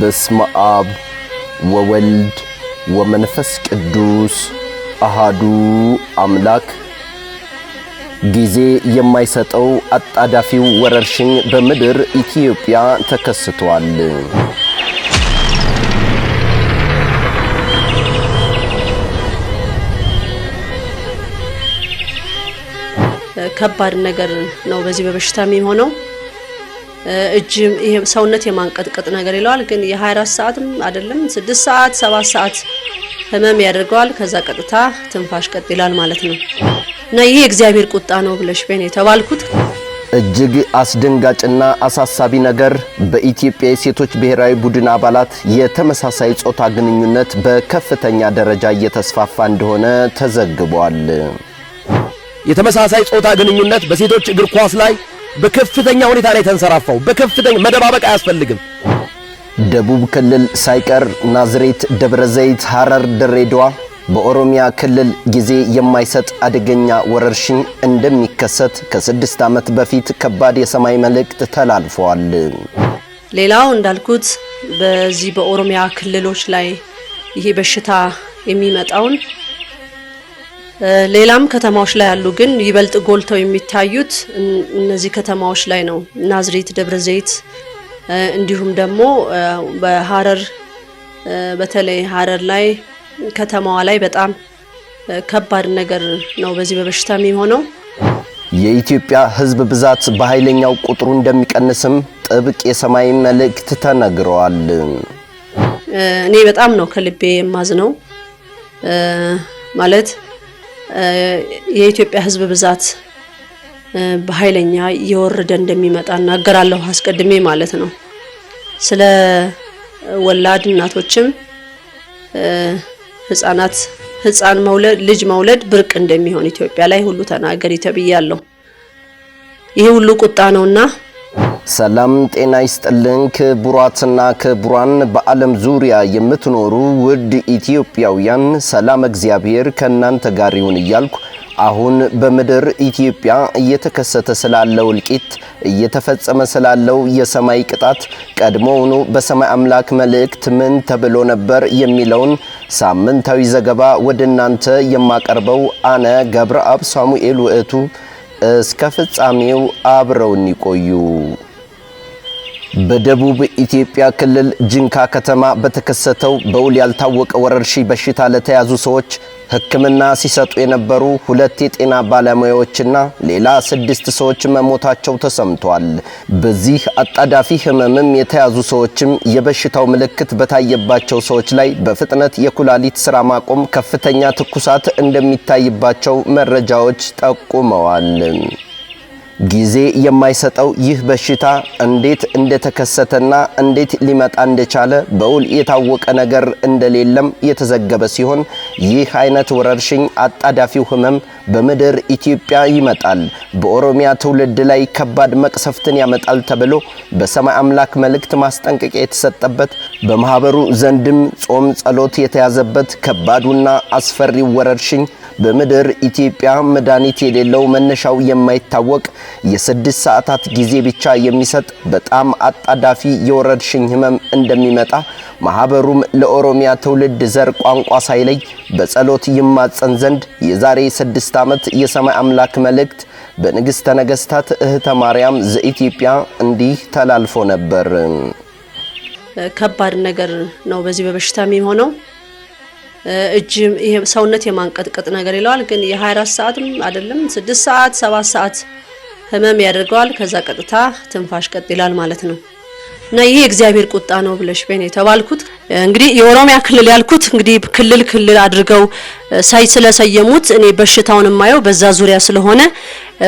በስመ አብ ወወልድ ወመንፈስ ቅዱስ አሃዱ አምላክ። ጊዜ የማይሰጠው አጣዳፊው ወረርሽኝ በምድር ኢትዮጵያ ተከስቷል። ከባድ ነገር ነው። በዚህ በበሽታ የሚሆነው እጅ ይሄ ሰውነት የማንቀጥቀጥ ነገር ይለዋል። ግን የ24 ሰዓትም አይደለም 6 ሰዓት 7 ሰዓት ህመም ያደርገዋል። ከዛ ቀጥታ ትንፋሽ ቀጥ ይላል ማለት ነው። እና ይህ የእግዚአብሔር ቁጣ ነው ብለሽ ቤን የተባልኩት እጅግ አስደንጋጭና አሳሳቢ ነገር በኢትዮጵያ የሴቶች ብሔራዊ ቡድን አባላት የተመሳሳይ ጾታ ግንኙነት በከፍተኛ ደረጃ እየተስፋፋ እንደሆነ ተዘግቧል። የተመሳሳይ ጾታ ግንኙነት በሴቶች እግር ኳስ ላይ በከፍተኛ ሁኔታ ላይ ተንሰራፋው። በከፍተኛ መደባበቅ አያስፈልግም። ደቡብ ክልል ሳይቀር ናዝሬት፣ ደብረ ዘይት፣ ሐረር፣ ድሬዳዋ በኦሮሚያ ክልል ጊዜ የማይሰጥ አደገኛ ወረርሽኝ እንደሚከሰት ከስድስት ዓመት በፊት ከባድ የሰማይ መልእክት ተላልፈዋል። ሌላው እንዳልኩት በዚህ በኦሮሚያ ክልሎች ላይ ይሄ በሽታ የሚመጣውን ሌላም ከተማዎች ላይ ያሉ ግን ይበልጥ ጎልተው የሚታዩት እነዚህ ከተማዎች ላይ ነው። ናዝሬት፣ ደብረ ዘይት እንዲሁም ደግሞ በሀረር በተለይ ሀረር ላይ ከተማዋ ላይ በጣም ከባድ ነገር ነው በዚህ በበሽታ የሚሆነው። የኢትዮጵያ ሕዝብ ብዛት በኃይለኛው ቁጥሩ እንደሚቀንስም ጥብቅ የሰማይ መልእክት ተነግረዋል። እኔ በጣም ነው ከልቤ የማዝነው ማለት የኢትዮጵያ ህዝብ ብዛት በኃይለኛ እየወረደ እንደሚመጣ እናገራለሁ አስቀድሜ ማለት ነው። ስለ ወላድ እናቶችም ህጻናት ህጻን መውለድ ልጅ መውለድ ብርቅ እንደሚሆን ኢትዮጵያ ላይ ሁሉ ተናገሪ ተብያለሁ። ይሄ ሁሉ ቁጣ ነውና ሰላም ጤና ይስጥልን ክቡራትና ክቡራን፣ በዓለም ዙሪያ የምትኖሩ ውድ ኢትዮጵያውያን ሰላም እግዚአብሔር ከእናንተ ጋር ይሁን እያልኩ አሁን በምድር ኢትዮጵያ እየተከሰተ ስላለው እልቂት፣ እየተፈጸመ ስላለው የሰማይ ቅጣት ቀድሞውኑ በሰማይ አምላክ መልእክት ምን ተብሎ ነበር የሚለውን ሳምንታዊ ዘገባ ወደ እናንተ የማቀርበው አነ ገብረአብ ሳሙኤል ውእቱ፣ እስከ ፍጻሜው አብረውን ይቆዩ። በደቡብ ኢትዮጵያ ክልል ጅንካ ከተማ በተከሰተው በውል ያልታወቀ ወረርሽኝ በሽታ ለተያዙ ሰዎች ሕክምና ሲሰጡ የነበሩ ሁለት የጤና ባለሙያዎችና ሌላ ስድስት ሰዎች መሞታቸው ተሰምቷል። በዚህ አጣዳፊ ህመምም የተያዙ ሰዎችም የበሽታው ምልክት በታየባቸው ሰዎች ላይ በፍጥነት የኩላሊት ስራ ማቆም፣ ከፍተኛ ትኩሳት እንደሚታይባቸው መረጃዎች ጠቁመዋል። ጊዜ የማይሰጠው ይህ በሽታ እንዴት እንደተከሰተና እንዴት ሊመጣ እንደቻለ በውል የታወቀ ነገር እንደሌለም የተዘገበ ሲሆን ይህ አይነት ወረርሽኝ አጣዳፊው ህመም በምድር ኢትዮጵያ ይመጣል፣ በኦሮሚያ ትውልድ ላይ ከባድ መቅሰፍትን ያመጣል ተብሎ በሰማይ አምላክ መልእክት ማስጠንቀቂያ የተሰጠበት በማኅበሩ ዘንድም ጾም ጸሎት የተያዘበት ከባዱና አስፈሪው ወረርሽኝ በምድር ኢትዮጵያ መድኃኒት የሌለው መነሻው የማይታወቅ የስድስት ሰዓታት ጊዜ ብቻ የሚሰጥ በጣም አጣዳፊ የወረርሽኝ ህመም እንደሚመጣ ማህበሩም ለኦሮሚያ ትውልድ ዘር ቋንቋ ሳይለይ በጸሎት ይማጸን ዘንድ የዛሬ ስድስት ዓመት የሰማይ አምላክ መልእክት በንግሥተ ነገሥታት እህተ ማርያም ዘኢትዮጵያ እንዲህ ተላልፎ ነበር። ከባድ ነገር ነው። በዚህ በበሽታ የሚሆነው እጅ ይሄ ሰውነት የማንቀጥቀጥ ነገር ይለዋል። ግን የ24 ሰዓትም አይደለም 6 ሰዓት 7 ሰዓት ህመም ያደርገዋል። ከዛ ቀጥታ ትንፋሽ ቀጥ ይላል ማለት ነው። እና ይሄ የእግዚአብሔር ቁጣ ነው ብለሽ በኔ የተባልኩት እንግዲህ የኦሮሚያ ክልል ያልኩት እንግዲህ ክልል ክልል አድርገው ሳይ ስለሰየሙት እኔ በሽታውን የማየው በዛ ዙሪያ ስለሆነ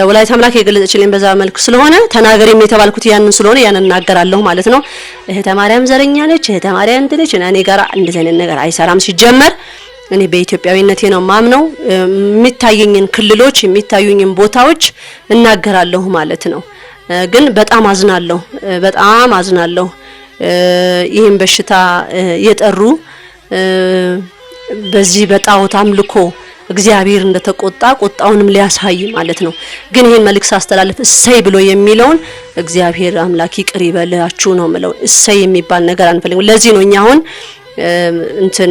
ወላይ ተምላክ የገለጸችልኝ በዛ መልኩ ስለሆነ ተናገሪም የተባልኩት ያንን ስለሆነ ያንን እናገራለሁ ማለት ነው። እህተ ማርያም ዘረኛ ነች፣ እህተ ማርያም እንትን ነች እና እኔ ጋር እንደዚህ አይነት ነገር አይሰራም። ሲጀመር እኔ በኢትዮጵያዊነቴ ነው ማምነው። የሚታየኝን ክልሎች የሚታዩኝን ቦታዎች እናገራለሁ ማለት ነው። ግን በጣም አዝናለሁ፣ በጣም አዝናለሁ። ይህን በሽታ የጠሩ በዚህ በጣዖት አምልኮ እግዚአብሔር እንደተቆጣ ቁጣውንም ሊያሳይ ማለት ነው። ግን ይህን መልእክት ሳስተላልፍ እሰይ ብሎ የሚለውን እግዚአብሔር አምላክ ይቅር ይበላችሁ ነው ምለው። እሰይ የሚባል ነገር አንፈልግም። ለዚህ ነው እኛ አሁን እንትን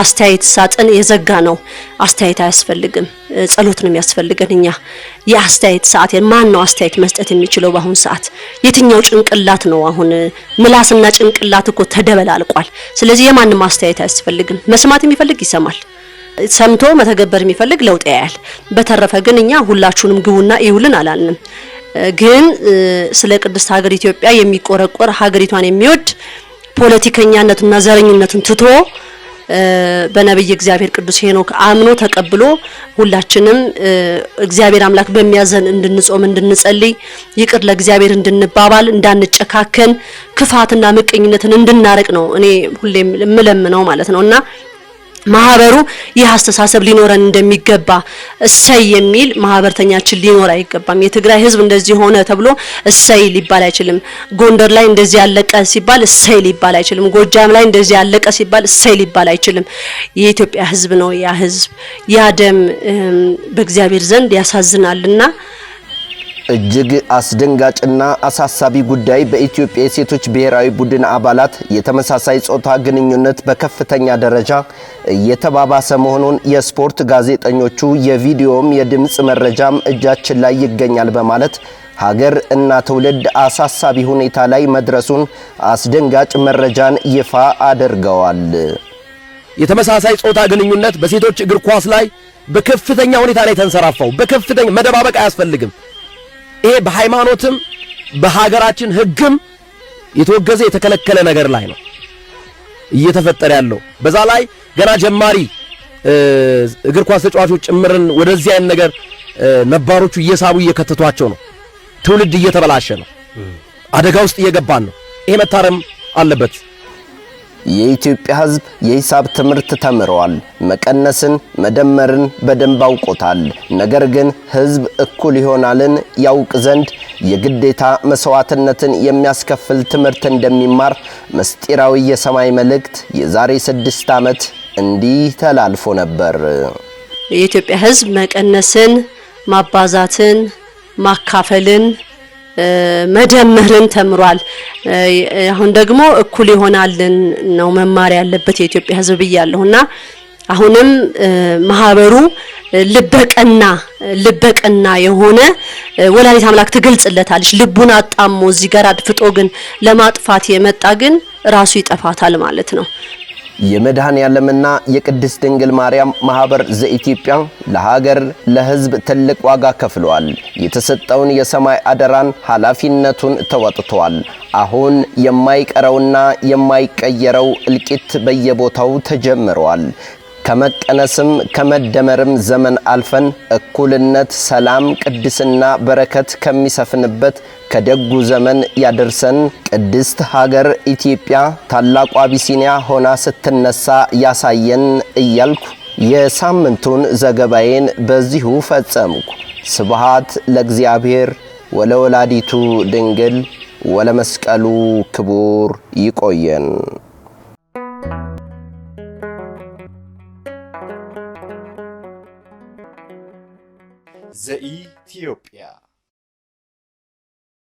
አስተያየት ሳጥን የዘጋ ነው። አስተያየት አያስፈልግም። ጸሎት ነው የሚያስፈልገን። እኛ የአስተያየት ሰዓት ማን ነው አስተያየት መስጠት የሚችለው? በአሁን ሰዓት የትኛው ጭንቅላት ነው? አሁን ምላስና ጭንቅላት እኮ ተደበላልቋል። ስለዚህ የማንም አስተያየት አያስፈልግም። መስማት የሚፈልግ ይሰማል። ሰምቶ መተገበር የሚፈልግ ለውጥ ያያል። በተረፈ ግን እኛ ሁላችሁንም ግቡና ይውልን አላልንም። ግን ስለ ቅድስት ሀገር ኢትዮጵያ የሚቆረቆር ሀገሪቷን የሚወድ ፖለቲከኛነቱና ዘረኝነቱን ትቶ በነቢይ እግዚአብሔር ቅዱስ ሄኖክ አምኖ ተቀብሎ ሁላችንም እግዚአብሔር አምላክ በሚያዘን እንድንጾም እንድንጸልይ ይቅር ለእግዚአብሔር እንድንባባል እንዳንጨካከን ክፋትና ምቀኝነትን እንድናርቅ ነው እኔ ሁሌም የምለምነው ማለት ነውና ማህበሩ ይህ አስተሳሰብ ሊኖረን እንደሚገባ እሰይ የሚል ማህበርተኛችን ሊኖር አይገባም። የትግራይ ህዝብ እንደዚህ ሆነ ተብሎ እሰይ ሊባል አይችልም። ጎንደር ላይ እንደዚህ ያለቀ ሲባል እሰይ ሊባል አይችልም። ጎጃም ላይ እንደዚህ ያለቀ ሲባል እሰይ ሊባል አይችልም። የኢትዮጵያ ህዝብ ነው ያ ህዝብ ያ ደም በእግዚአብሔር ዘንድ ያሳዝናልና እጅግ አስደንጋጭና አሳሳቢ ጉዳይ በኢትዮጵያ የሴቶች ብሔራዊ ቡድን አባላት የተመሳሳይ ጾታ ግንኙነት በከፍተኛ ደረጃ እየተባባሰ መሆኑን የስፖርት ጋዜጠኞቹ የቪዲዮም የድምፅ መረጃም እጃችን ላይ ይገኛል በማለት ሀገር እና ትውልድ አሳሳቢ ሁኔታ ላይ መድረሱን አስደንጋጭ መረጃን ይፋ አድርገዋል። የተመሳሳይ ጾታ ግንኙነት በሴቶች እግር ኳስ ላይ በከፍተኛ ሁኔታ ላይ ተንሰራፋው። በከፍተኛ መደባበቅ አያስፈልግም። ይሄ በሃይማኖትም በሀገራችን ህግም የተወገዘ የተከለከለ ነገር ላይ ነው እየተፈጠረ ያለው። በዛ ላይ ገና ጀማሪ እግር ኳስ ተጫዋቾች ጭምርን ወደዚህ አይነት ነገር ነባሮቹ እየሳቡ እየከተቷቸው ነው። ትውልድ እየተበላሸ ነው። አደጋ ውስጥ እየገባን ነው። ይሄ መታረም አለበት። የኢትዮጵያ ሕዝብ የሂሳብ ትምህርት ተምረዋል። መቀነስን መደመርን በደንብ አውቆታል። ነገር ግን ሕዝብ እኩል ይሆናልን ያውቅ ዘንድ የግዴታ መስዋዕትነትን የሚያስከፍል ትምህርት እንደሚማር ምስጢራዊ የሰማይ መልእክት የዛሬ ስድስት ዓመት እንዲህ ተላልፎ ነበር። የኢትዮጵያ ሕዝብ መቀነስን፣ ማባዛትን፣ ማካፈልን መደመርን ተምሯል። አሁን ደግሞ እኩል ይሆናልን ነው መማር ያለበት የኢትዮጵያ ሕዝብ ብያለሁ እና አሁንም ማህበሩ ልበቀና ልበቀና የሆነ ወላዲት አምላክ ትገልጽለታለች። ልቡን አጣሞ እዚህ ጋር አድፍጦ ግን ለማጥፋት የመጣ ግን ራሱ ይጠፋታል ማለት ነው። ዓለምና የቅድስት ድንግል ማርያም ማኅበር ዘኢትዮጵያ ለሀገር ለሕዝብ ትልቅ ዋጋ ከፍሏል። የተሰጠውን የሰማይ አደራን ኃላፊነቱን ተወጥቷል። አሁን የማይቀረውና የማይቀየረው እልቂት በየቦታው ተጀምሯል። ከመቀነስም ከመደመርም ዘመን አልፈን እኩልነት፣ ሰላም፣ ቅድስና፣ በረከት ከሚሰፍንበት ከደጉ ዘመን ያደርሰን። ቅድስት ሀገር ኢትዮጵያ ታላቋ አቢሲኒያ ሆና ስትነሳ ያሳየን እያልኩ የሳምንቱን ዘገባዬን በዚሁ ፈጸምኩ። ስብሃት ለእግዚአብሔር ወለወላዲቱ ድንግል ወለመስቀሉ ክቡር ይቆየን። ዘኢትዮጵያ